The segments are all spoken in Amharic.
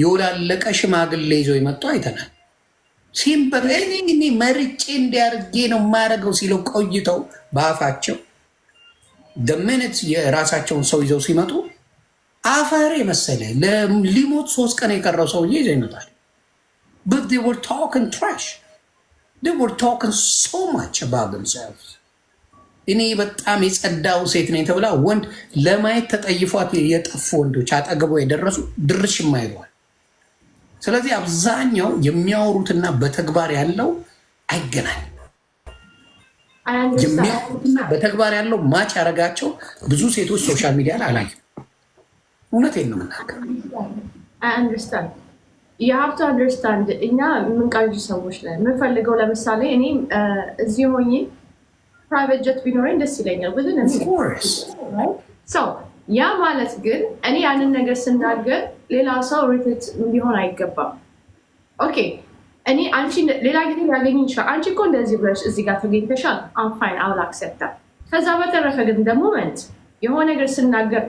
የወላለቀ ሽማግሌ ይዞ የመጡ አይተናል። ሲምበር እኔ መርጬ እንዲያርጌ ነው የማያደርገው ሲለው ቆይተው በአፋቸው ደመነት የራሳቸውን ሰው ይዘው ሲመጡ አፈር የመሰለ ሊሞት ሶስት ቀን የቀረው ሰውዬ ይዘው ይመጣል። but they were talking trash. They were talking so much about themselves. እኔ በጣም የጸዳው ሴት ነኝ ተብላ ወንድ ለማየት ተጠይፏት የጠፉ ወንዶች አጠገቧ የደረሱ ድርሽ ማይሏል። ስለዚህ አብዛኛው የሚያወሩትና በተግባር ያለው አይገናኝ። የሚያወሩትና በተግባር ያለው ማች ያደረጋቸው ብዙ ሴቶች ሶሻል ሚዲያ ላይ አላየሁም። እውነት ነው የምናገር። የሀብቱ አንደርስታንድ እኛ የምንቃዩ ሰዎች ላይ የምንፈልገው ለምሳሌ እኔ እዚህ ሆኜ ፕራይቬት ጀት ቢኖረኝ ደስ ይለኛል። ብዙ ሰው ያ ማለት ግን እኔ ያንን ነገር ስናገር ሌላ ሰው ሪት እንዲሆን አይገባም። ኦኬ እኔ አንቺ ሌላ ጊዜ ሊያገኝ ይችላል። አንቺ እኮ እንደዚህ ብለሽ እዚህ ጋር ተገኝተሻል። አንፋይን አውል አክሰፕታ። ከዛ በተረፈ ግን ደግሞ መንት የሆነ ነገር ስናገር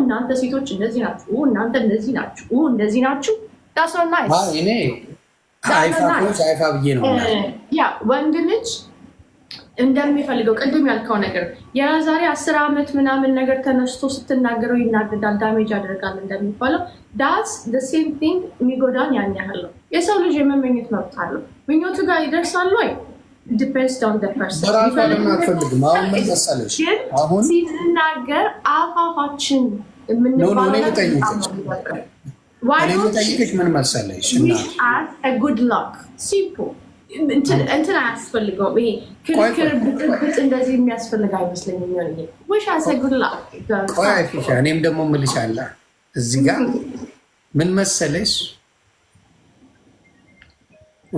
እናንተ ሴቶች እንደዚህ ናችሁ፣ እናንተ እንደዚህ ናችሁ፣ እንደዚህ ናችሁ ዳስ ናይስ። ብዬ ነው ወንድ ልጅ እንደሚፈልገው ቅድም ያልከው ነገር የዛሬ አስር ዓመት ምናምን ነገር ተነስቶ ስትናገረው ይናደዳል፣ ዳሜጅ ያደርጋል እንደሚባለው ዳስ ሴም ቲንግ የሚጎዳን ያን ያህል ነው። የሰው ልጅ የመመኘት መብት አለው። ምኞቱ ጋር ይደርሳሉ ወይ? ዲፔንድስ ኦን ፐርሰን። ሲናገር አፋፋችን የምንባለው ምን መሰለሽ ጉድ ላክ ሲምፕል እንትን አያስፈልገውም። ይሄ ክርክር ብጥብጥ እንደዚህ የሚያስፈልግ አይመስለኝም። ውሻ ሰጉላ ፊሻ እኔም ደግሞ እምልሻለሁ እዚህ ጋር ምን መሰለሽ፣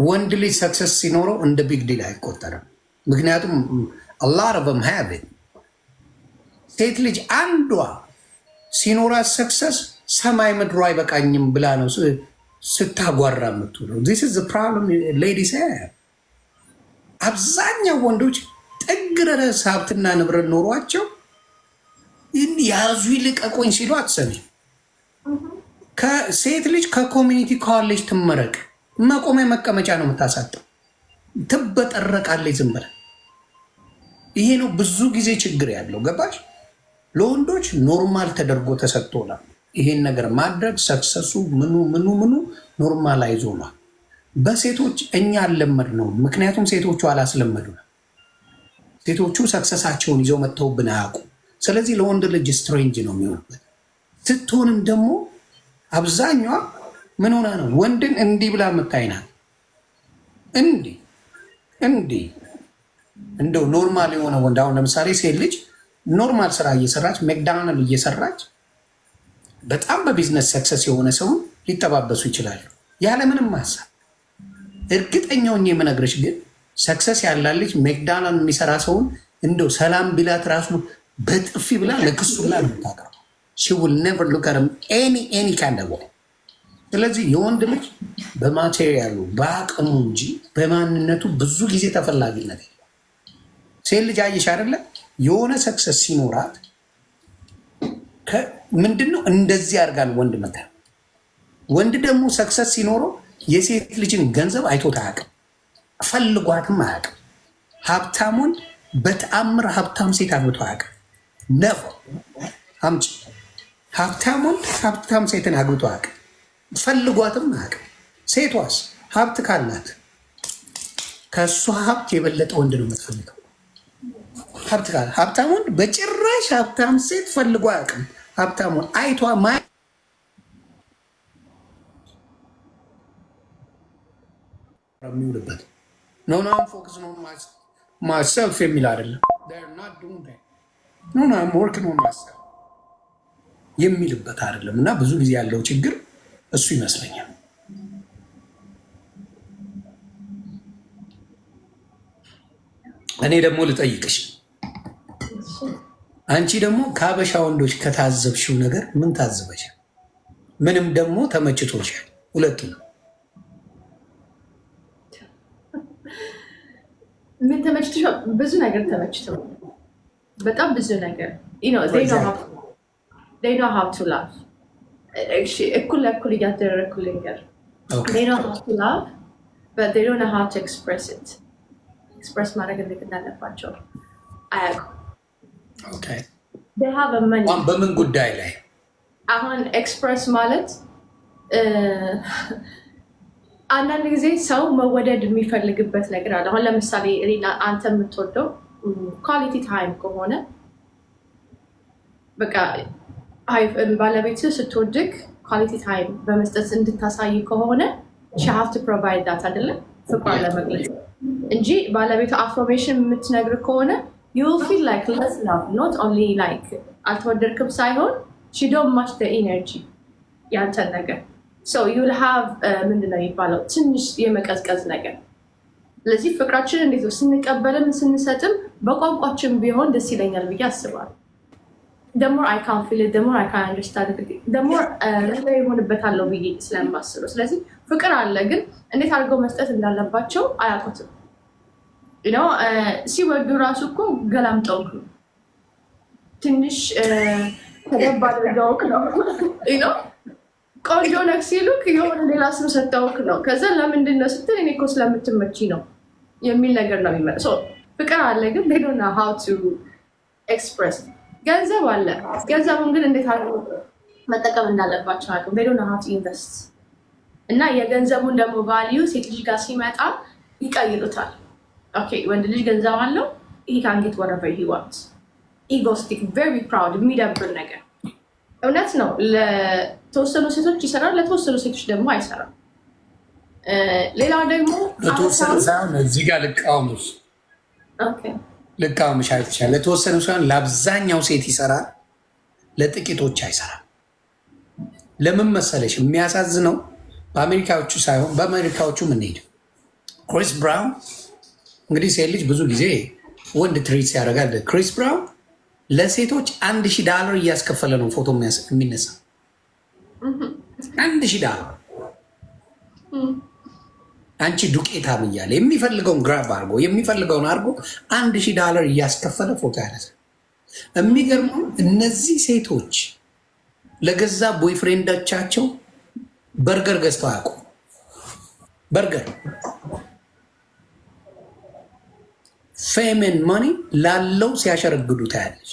ወንድ ልጅ ሰክሰስ ሲኖረው እንደ ቢግ ዲል አይቆጠርም። ምክንያቱም አላ ረበም ሀያቤት ሴት ልጅ አንዷ ሲኖራት ሰክሰስ ሰማይ ምድሮ አይበቃኝም ብላ ነው ስታጓራ የምትውለው ፕሮብለም ሌዲስ። አብዛኛው ወንዶች ጥግ ድረስ ሀብትና ንብረት ኖሯቸው ያዙ ይልቀቁኝ ሲሉ አትሰሚ። ሴት ልጅ ከኮሚኒቲ ኮሌጅ ትመረቅ መቆሚያ መቀመጫ ነው የምታሳጠው። ትበጠረቃለች ዝም ብለህ። ይሄ ነው ብዙ ጊዜ ችግር ያለው ገባሽ? ለወንዶች ኖርማል ተደርጎ ተሰጥቶናል። ይሄን ነገር ማድረግ ሰክሰሱ ምኑ ምኑ ምኑ ኖርማላይዝ ሆኗል። በሴቶች እኛ አልለመድ ነው። ምክንያቱም ሴቶቹ አላስለመዱ ነው። ሴቶቹ ሰክሰሳቸውን ይዘው መጥተውብን አያውቁ። ስለዚህ ለወንድ ልጅ ስትሬንጅ ነው የሚሆንበት። ስትሆንም ደግሞ አብዛኛዋ ምን ሆና ነው ወንድን እንዲህ ብላ የምታይናት እንዲህ እንዲህ እንደው ኖርማል የሆነ ወንድ አሁን ለምሳሌ ሴት ልጅ ኖርማል ስራ እየሰራች ሜክዳናል እየሰራች በጣም በቢዝነስ ሰክሰስ የሆነ ሰውን ሊጠባበሱ ይችላሉ ያለምንም ሀሳብ። እርግጠኛውን የምነግርሽ ግን ሰክሰስ ያላለች ሜክዳናል የሚሰራ ሰውን እንደው ሰላም ቢላት ራሱ በጥፊ ብላ ለክሱ ብላ ነው የምታቀርበው። ሺውል ነቨር ሉከርም ኤኒ ኤኒ ካንደቦ። ስለዚህ የወንድ ልጅ በማቴሪያሉ በአቅሙ እንጂ በማንነቱ ብዙ ጊዜ ተፈላጊነት የለው። ሴት ልጅ አየሽ አይደለ የሆነ ሰክሰስ ሲኖራት ምንድነው እንደዚህ ያደርጋል ወንድ መ ወንድ ደግሞ ሰክሰስ ሲኖረው የሴት ልጅን ገንዘብ አይቶት አያውቅም፣ ፈልጓትም አያውቅም። ሀብታሙን በተአምር ሀብታም ሴት አግብቶ አያውቅም። ነፎ አምጭ ሀብታሙን ሀብታም ሴትን አግብቶ አያውቅም፣ ፈልጓትም አያውቅም። ሴቷስ ሀብት ካላት ከእሷ ሀብት የበለጠ ወንድ ነው የምትፈልገው። ሀብት ካላት ሀብታሙን በጭራሽ ሀብታም ሴት ፈልጎ አያውቅም። ሀብታሙ አይቷ ማ የሚውልበት ነው ፎክስ ነው ማሰልፍ የሚል አይደለም ነው ናም ወርክ ነው የሚልበት አይደለም። እና ብዙ ጊዜ ያለው ችግር እሱ ይመስለኛል። እኔ ደግሞ ልጠይቅሽ አንቺ ደግሞ ከሀበሻ ወንዶች ከታዘብሽው ነገር ምን ታዝበሻል? ምንም ደግሞ ተመችቶሻል? ሁለቱ ነው። ምን ተመችቶሻል? ብዙ ነገር ተመችቶ፣ በጣም ብዙ ነገር ሀብቱ ላፍ እኩል ለእኩል እያደረግኩልኝ ነገር ሀብቱ ላፍ ሀብቱ ኤክስፕረስ ማድረግ እንዳለባቸው አያውቁም። በምን ጉዳይ ላይ አሁን ኤክስፕረስ ማለት አንዳንድ ጊዜ ሰው መወደድ የሚፈልግበት ነገር አለ። አሁን ለምሳሌ አንተ የምትወደው ኳሊቲ ታይም ከሆነ በቃ ባለቤት ስትወድግ ኳሊቲ ታይም በመስጠት እንድታሳይ ከሆነ ሀፍት ፕሮቫይድ ዳት አይደለም ፍቅር ለመግለጽ እንጂ ባለቤቱ አፍሮሜሽን የምትነግር ከሆነ ዩ ፊል ላይክ ለስ ላቭ ኖት ኦንሊ ላይክ አልተወደድክም ሳይሆን ሺ ዶን ማች ደ ኢነርጂ ያንተን ነገር ሶ ዩ ሃቭ ምንድን ነው የሚባለው ትንሽ የመቀዝቀዝ ነገር። ስለዚህ ፍቅራችን እንዴት ነው ስንቀበልም ስንሰጥም በቋንቋችን ቢሆን ደስ ይለኛል ብዬ አስባለሁ። ደግሞ አይ ካን ፊል ደግሞ አይ ካን አንደርስታንድ ደግሞ ለዛ ይሆንበታለሁ ብዬ ስለማስበው፣ ስለዚህ ፍቅር አለ፣ ግን እንዴት አድርገው መስጠት እንዳለባቸው አያውቁትም። ነው ሲወዱ ራሱ እኮ ገላምጠውክ ትንሽ ተገባ ነው ቆንጆ ነክ ሲሉክ የሆነ ሌላ ስም ሰጠውክ ነው። ከዛ ለምንድን ነው ስትል እኔ እኮ ስለምትመች ነው የሚል ነገር ነው የሚመ ፍቅር አለ ግን ሌሎና ሀው ቱ ኤክስፕረስ ገንዘብ አለ። ገንዘቡን ግን እንዴት አድርጎ መጠቀም እንዳለባቸው አቅም ሌሎና ሀው ቱ ኢንቨስት እና የገንዘቡን ደግሞ ቫሊዩ ሴት ልጅ ጋር ሲመጣ ይቀይሩታል። ኦኬ ወንድ ልጅ ገንዘብ አለው። ይሄ ካንጌት ወረቨር ሂ ዋንትስ ኢጎስቲክ ቬሪ ፕራውድ የሚደብር ነገር እውነት ነው። ለተወሰኑ ሴቶች ይሰራል፣ ለተወሰኑ ሴቶች ደግሞ አይሰራም። ሌላው ደግሞ ለተወሰኑ ሳይሆን እዚህ ጋር ልቃወምሽ ልቃወምሽ አይተሻል። ለተወሰኑ ሳይሆን ለአብዛኛው ሴት ይሰራል፣ ለጥቂቶች አይሰራም። ለምን መሰለሽ የሚያሳዝነው በአሜሪካዎቹ ሳይሆን በአሜሪካዎቹ ምንሄድ ክሪስ ብራውን እንግዲህ ሴት ልጅ ብዙ ጊዜ ወንድ ትሪት ያደርጋል። ክሪስ ብራውን ለሴቶች አንድ ሺህ ዳላር እያስከፈለ ነው ፎቶ የሚነሳ አንድ ሺህ ዳላር አንቺ ዱቄታም እያለ የሚፈልገውን ግራብ አድርጎ የሚፈልገውን አድርጎ አንድ ሺህ ዳላር እያስከፈለ ፎቶ ያነሳ። የሚገርመው እነዚህ ሴቶች ለገዛ ቦይፍሬንዶቻቸው በርገር ገዝተው አያውቁም። በርገር ፌሜን ማኒ ላለው ሲያሸረግዱ ታያለች።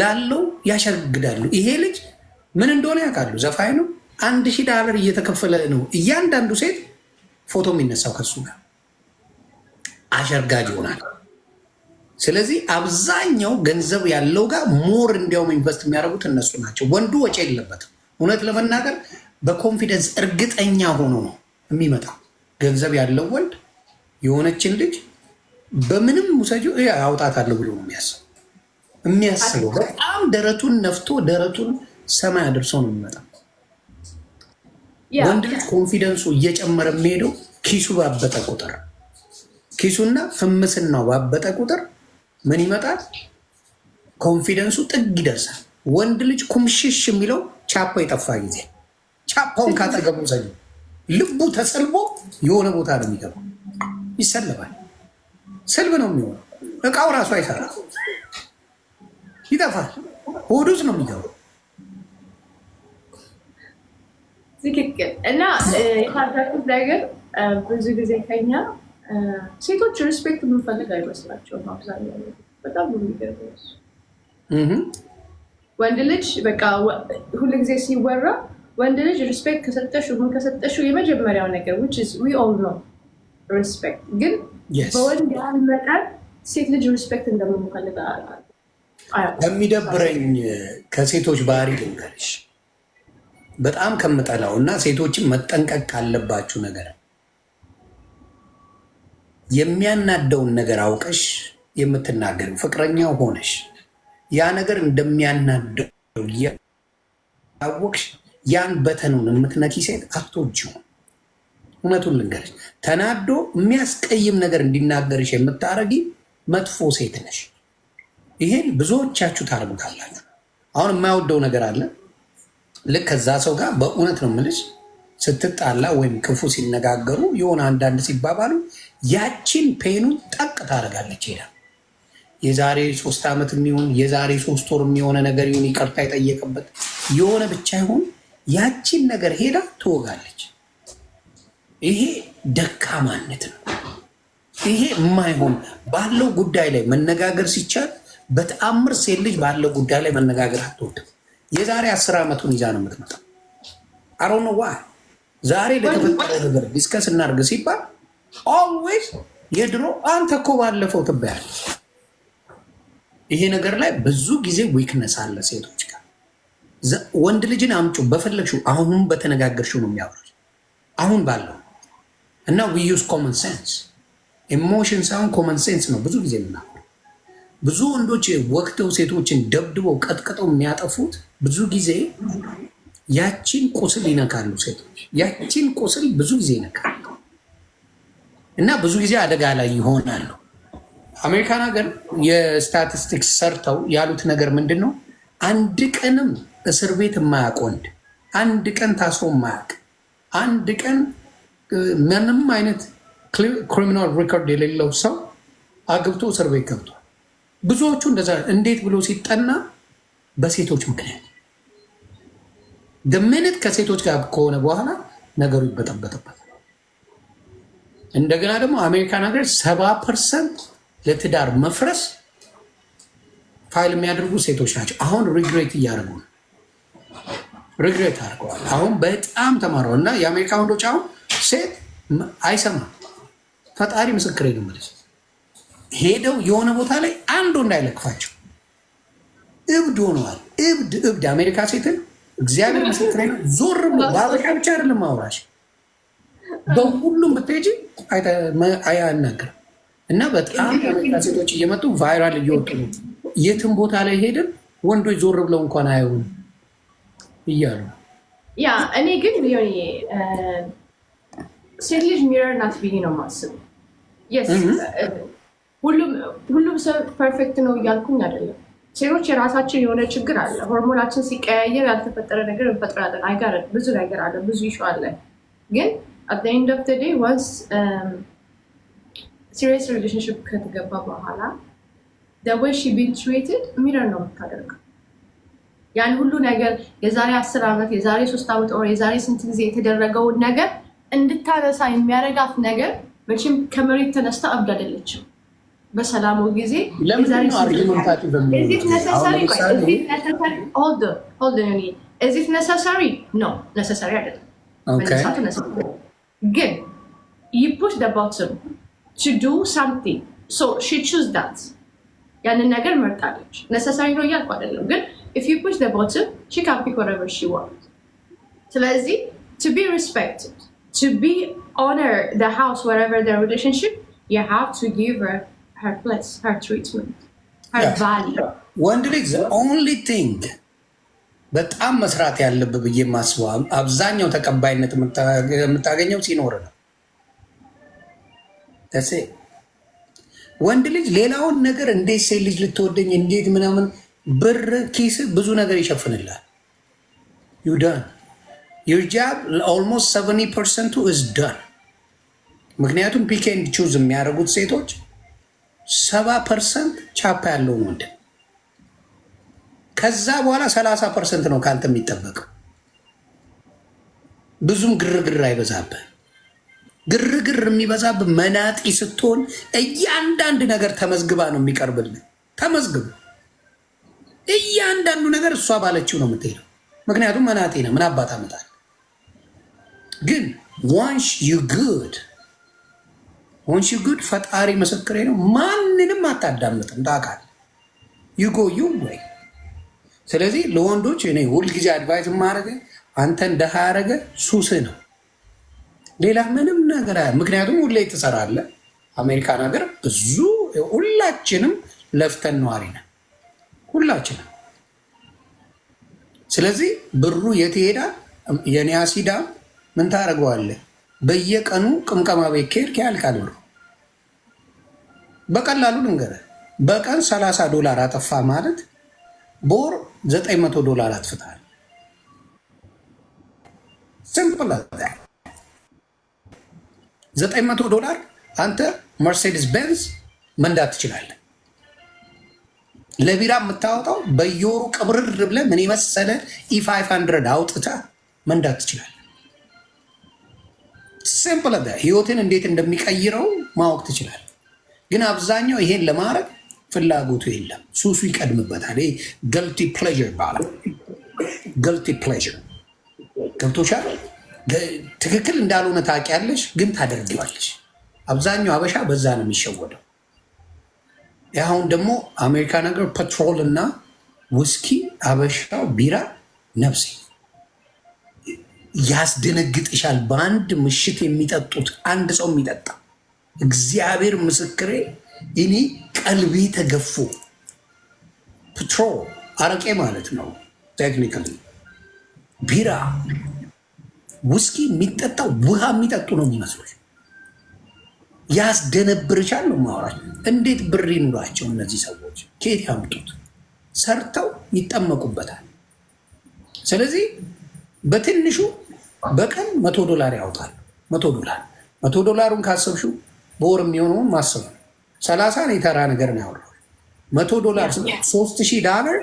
ላለው ያሸረግዳሉ። ይሄ ልጅ ምን እንደሆነ ያውቃሉ። ዘፋኝ ነው። አንድ ሺህ ዳለር እየተከፈለ ነው እያንዳንዱ ሴት ፎቶ የሚነሳው ከሱ ጋር አሸርጋጅ ይሆናል። ስለዚህ አብዛኛው ገንዘብ ያለው ጋር ሞር እንዲያውም ኢንቨስት የሚያደርጉት እነሱ ናቸው። ወንዱ ወጪ የለበትም። እውነት ለመናገር በኮንፊደንስ እርግጠኛ ሆኖ ነው የሚመጣው። ገንዘብ ያለው ወንድ የሆነችን ልጅ በምንም ሙሰጆ አውጣታለሁ ብሎ ነው የሚያስበው የሚያስበው በጣም ደረቱን ነፍቶ ደረቱን ሰማይ አድርሶ ነው የሚመጣ ወንድ ልጅ ኮንፊደንሱ እየጨመረ የሚሄደው ኪሱ ባበጠ ቁጥር ኪሱና ፍምስናው ባበጠ ቁጥር ምን ይመጣል? ኮንፊደንሱ ጥግ ይደርሳል። ወንድ ልጅ ኩምሽሽ የሚለው ቻፖ የጠፋ ጊዜ ቻፓውን ካጠገቡ ሰ ልቡ ተሰልቦ የሆነ ቦታ ነው የሚገባው፣ ይሰለባል። ስልብ ነው የሚሆነው። እቃው ራሱ አይሰራ ይጠፋል። ሆዱስ ነው የሚገባው። ትክክል። እና የታዘኩት ነገር ብዙ ጊዜ ከኛ ሴቶች ሪስፔክት የምንፈልግ አይመስላቸውም። አብዛኛው በጣም ወንድ ልጅ በቃ ሁሉ ጊዜ ሲወራ ወንድ ልጅ ሪስፔክት ከሰጠሽው ምን ከሰጠሽው የመጀመሪያው ነገር ዊች ዊ ኦል ኖ ሪስፔክት ግን በወንድ ያህል መጠን ሴት ልጅ ሪስፔክት እንደምንፈልግ ከሚደብረኝ ከሴቶች ባህሪ ልንገርሽ፣ በጣም ከምጠላው እና ሴቶችን መጠንቀቅ ካለባችሁ ነገር የሚያናደውን ነገር አውቀሽ የምትናገር ፍቅረኛው ሆነሽ ያ ነገር እንደሚያናደው እያወቅሽ ያን በተኑን የምትነኪ ሴት እውነቱን ልንገርሽ፣ ተናዶ የሚያስቀይም ነገር እንዲናገርሽ የምታረጊ መጥፎ ሴት ነሽ። ይሄን ብዙዎቻችሁ ታደርጉታላችሁ። አሁን የማይወደው ነገር አለ። ልክ ከዛ ሰው ጋር በእውነት ነው የምልሽ ስትጣላ ወይም ክፉ ሲነጋገሩ የሆነ አንዳንድ ሲባባሉ ያቺን ፔኑ ጠቅ ታደርጋለች ሄዳ የዛሬ ሶስት ዓመት የሚሆን የዛሬ ሶስት ወር የሚሆነ ነገር ይሁን ይቅርታ የጠየቀበት የሆነ ብቻ ይሁን ያቺን ነገር ሄዳ ትወጋለች። ይሄ ደካማነት ነው። ይሄ የማይሆን ባለው ጉዳይ ላይ መነጋገር ሲቻል በተአምር ሴት ልጅ ባለው ጉዳይ ላይ መነጋገር አትወድም። የዛሬ አስር ዓመቱን ይዛ ነው የምትመጣው። አሮነ ዋ ዛሬ ለተፈጠረ ነገር ዲስከስ እናድርግ ሲባል ኦልዌይስ የድሮ አንተ እኮ ባለፈው ትበያለች። ይሄ ነገር ላይ ብዙ ጊዜ ዊክነስ አለ ሴቶች ጋር። ወንድ ልጅን አምጩ በፈለግሽው አሁን በተነጋገርሽው ነው የሚያወራሽ አሁን ባለው እና ዊ ዩዝ ኮመን ሴንስ ኢሞሽን ሳይሆን ኮመን ሴንስ ነው። ብዙ ጊዜ ምና ብዙ ወንዶች ወቅተው ሴቶችን ደብድበው ቀጥቅጠው የሚያጠፉት ብዙ ጊዜ ያቺን ቁስል ይነካሉ። ሴቶች ያቺን ቁስል ብዙ ጊዜ ይነካሉ እና ብዙ ጊዜ አደጋ ላይ ይሆናሉ። አሜሪካን ሀገር የስታቲስቲክስ ሰርተው ያሉት ነገር ምንድን ነው? አንድ ቀንም እስር ቤት የማያውቅ ወንድ፣ አንድ ቀን ታስሮ የማያውቅ፣ አንድ ቀን ምንም አይነት ክሪሚናል ሪኮርድ የሌለው ሰው አግብቶ እስር ቤት ገብቷል። ብዙዎቹ እንደዛ እንዴት ብሎ ሲጠና በሴቶች ምክንያት ደምነት ከሴቶች ጋር ከሆነ በኋላ ነገሩ ይበጠበጥበታል። እንደገና ደግሞ አሜሪካን ሀገር ሰባ ፐርሰንት ለትዳር መፍረስ ፋይል የሚያደርጉ ሴቶች ናቸው። አሁን ሪግሬት እያደረጉ ነው። ሪግሬት አድርገዋል። አሁን በጣም ተማረዋል እና የአሜሪካ ወንዶች አሁን ሴት አይሰማም። ፈጣሪ ምስክር ነው የምልሽ። ሄደው የሆነ ቦታ ላይ አንዱ እንዳይለቅፋቸው እብድ ሆነዋል። እብድ እብድ አሜሪካ ሴትን እግዚአብሔር ምስክር ነው። ዞር ብሎ በአበሻ ብቻ አይደለም አውራሽ በሁሉም ብትሄጂ አያናገር እና በጣም አሜሪካ ሴቶች እየመጡ ቫይራል እየወጡ ነው። የትም ቦታ ላይ ሄድን ወንዶች ዞር ብለው እንኳን አይሆንም እያሉ ያ እኔ ግን ሆኔ ሴት ልጅ ሚረር ናት ብዬ ነው የማስበው። uh, ሁሉም ሰው ፐርፌክት ነው እያልኩኝ አይደለም። ሴቶች የራሳችን የሆነ ችግር አለ። ሆርሞናችን ሲቀያየር ያልተፈጠረ ነገር እንፈጥራለን። አይጋር ብዙ ነገር አለ፣ ብዙ ይሾ አለ። ግን አት ኤንድ ኦፍ ዴይ ወንስ ሲሪየስ ሪሌሽንሽፕ ከተገባ በኋላ ወይ ሺ ቢን ሚረር ነው የምታደርገው ያን ሁሉ ነገር የዛሬ አስር ዓመት የዛሬ ሶስት ዓመት የዛሬ ስንት ጊዜ የተደረገውን ነገር እንድታነሳ የሚያደርጋት ነገር መቼም ከመሬት ተነስታ እብድ አይደለችም። በሰላሙ ጊዜ እዚህ ነሰሰሪ ነው ነሰሰሪ አይደለም። ግን ይፑሽ ደባትም ችዱ ሳምቲንግ ሶ ሺ ቹዝ ዳት ያንን ነገር መርጣለች። ነሰሰሪ ነው እያልኩ አይደለም፣ ግን ኢፍ ዩ ፑሽ ደባትም ሺ ካን ፒክ ወቨር ሺ ዋንት። ስለዚህ ቱ ቢ ሪስፔክትድ to be honor the house whatever the relationship you have to give her her place her treatment her yeah. value ወንድ ልጅ the only thing በጣም መስራት ያለብህ ብዬ ማስበው አብዛኛው ተቀባይነት የምታገኘው ሲኖር ነው። ወንድ ልጅ ሌላውን ነገር እንዴት ሴት ልጅ ልትወደኝ እንዴት ምናምን ብር ኪስ ብዙ ነገር ይሸፍንላል ዩዳን ዩር ጃብ ኦልሞስት ሰቨኒ ፐርሰንቱ እዝ ዳን። ምክንያቱም ፒኬንድ ቹዝ የሚያደርጉት ሴቶች ሰባ ፐርሰንት ቻፓ ያለውን ወንድ ከዛ በኋላ ሰላሳ ፐርሰንት ነው ከአንተ የሚጠበቀው። ብዙም ግርግር አይበዛብህ። ግርግር የሚበዛብህ መናጢ ስትሆን እያንዳንድ ነገር ተመዝግባ ነው የሚቀርብልህ። ተመዝግብ። እያንዳንዱ ነገር እሷ ባለችው ነው የምትሄደው። ምክንያቱም መናጢ ነው። ምን አባት አመጣል ግን ዋንሽ ዩ ጉድ ዋንሽ ዩ ጉድ ፈጣሪ መሰክሬ ነው። ማንንም አታዳምጥም ታውቃለህ። ዩ ጎ ዩ ወይ ስለዚህ ለወንዶች እኔ ሁልጊዜ አድቫይዝ ማድረገ አንተ እንደሃ ያደረገ ነው፣ ሌላ ምንም ነገር። ምክንያቱም ሁሌ ትሰራለህ። አሜሪካን ሀገር ብዙ ሁላችንም ለፍተን ነዋሪ ነን፣ ሁላችንም። ስለዚህ ብሩ የት ይሄዳል? የኒያሲዳም ምን ታደርገዋለህ? በየቀኑ ቅምቀማ ቤት ከሄድክ ያልቃል ብሎ በቀላሉ ልንገርህ፣ በቀን 30 ዶላር አጠፋ ማለት በወር 900 ዶላር አጥፍታል። ሲምፕል። መቶ ዶላር አንተ መርሴዲስ ቤንዝ መንዳት ትችላለህ። ለቢራ የምታወጣው በየወሩ ቅብርር ብለህ ምን የመሰለ ኢ500 e አውጥተህ መንዳት ትችላለህ። ሲምፕል ህይወትን እንዴት እንደሚቀይረው ማወቅ ትችላል። ግን አብዛኛው ይሄን ለማድረግ ፍላጎቱ የለም፣ ሱሱ ይቀድምበታል። ይሄ ገልቲ ፕሌዥር ይባላል። ገልቲ ፕሌዥር ገብቶሻል። ትክክል እንዳልሆነ ታውቂያለሽ፣ ግን ታደርጊዋለሽ። አብዛኛው ሀበሻ በዛ ነው የሚሸወደው። አሁን ደግሞ አሜሪካ ነገር ፔትሮል እና ውስኪ፣ አበሻው ቢራ ነፍሴ ያስደነግጥሻል። በአንድ ምሽት የሚጠጡት አንድ ሰው የሚጠጣ እግዚአብሔር ምስክሬ፣ እኔ ቀልቤ ተገፎ ፕትሮ አረቄ ማለት ነው ቴክኒካሊ ቢራ፣ ውስኪ የሚጠጣ ውሃ የሚጠጡ ነው የሚመስሉት። ያስደነብርሻል ነው ማወራቸው። እንዴት ብር ይኑራቸው እነዚህ ሰዎች? ከየት ያምጡት? ሰርተው ይጠመቁበታል። ስለዚህ በትንሹ በቀን መቶ ዶላር ያወጣል። መቶ ዶላር መቶ ዶላሩን ካሰብሽው በወር የሚሆነውን ማሰብ ነው። ሰላሳ ነው የተራ ነገር ነው ያወራው። መቶ ዶላር ሶስት ሺህ ዳለር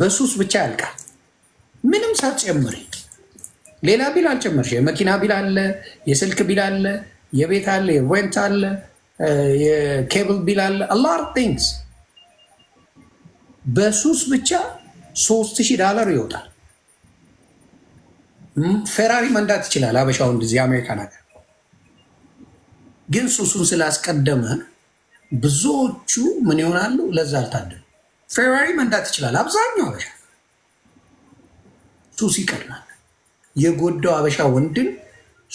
በሱስ ብቻ ያልቃል። ምንም ሳትጨምሪ ሌላ ቢል አልጨመርሽ። የመኪና ቢል አለ፣ የስልክ ቢል አለ፣ የቤት አለ፣ የሬንት አለ፣ የኬብል ቢል አለ። አላር ቲንግስ በሱስ ብቻ ሶስት ሺህ ዳለር ይወጣል። ፌራሪ መንዳት ይችላል አበሻው እንደዚህ የአሜሪካ ነገር ግን ሱሱን ስላስቀደመ ብዙዎቹ ምን ይሆናሉ? ለዛ አልታደሉ። ፌራሪ መንዳት ይችላል አብዛኛው አበሻ፣ ሱስ ይቀድማል። የጎዳው አበሻ ወንድን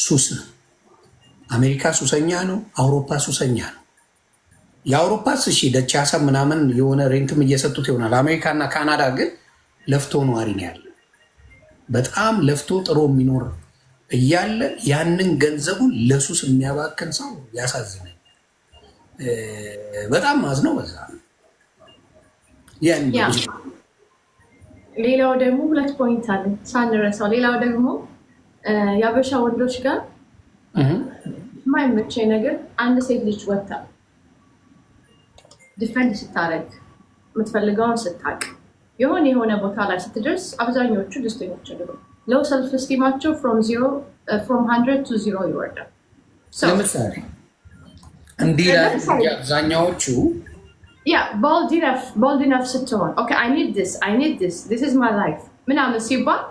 ሱስ ነው። አሜሪካ ሱሰኛ ነው። አውሮፓ ሱሰኛ ነው። የአውሮፓ ስሺ ደቻሳ ምናምን የሆነ ሬንትም እየሰጡት ይሆናል። አሜሪካና ካናዳ ግን ለፍቶ ነዋሪ ነው ያለ በጣም ለፍቶ ጥሮ የሚኖር እያለ ያንን ገንዘቡን ለሱስ የሚያባክን ሰው ያሳዝነኛል። በጣም ማዝ ነው። በዛ ሌላው ደግሞ ሁለት ፖይንት አለ ሳንረሳው። ሌላው ደግሞ የአበሻ ወንዶች ጋር የማይመቸኝ ነገር አንድ ሴት ልጅ ወታ ዲፈንድ ስታደርግ የምትፈልገውን ስታቅ የሆነ የሆነ ቦታ ላይ ስትደርስ አብዛኞቹ ደስተኞች አይደሉም። ሎው ሰልፍ ስቲማቸው ፍሮም ሀንድረድ ቱ ዚሮ ይወርዳል። ለምሳሌ እንዲህ አብዛኛዎቹ ቦልድ ኢነፍ ስትሆን ምናምን ሲባል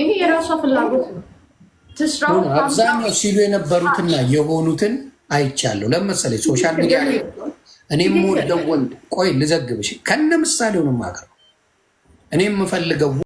ይሄ የራሷ ፍላጎት ነው። አብዛኛው ሲሉ የነበሩትና የሆኑትን አይቻለሁ። ለምሳሌ ሶሻል ሚዲያ እኔ ወደው ወንድ ቆይ ልዘግብሽ፣ ከነ ምሳሌው ነው የማቀርበው እኔ የምፈልገው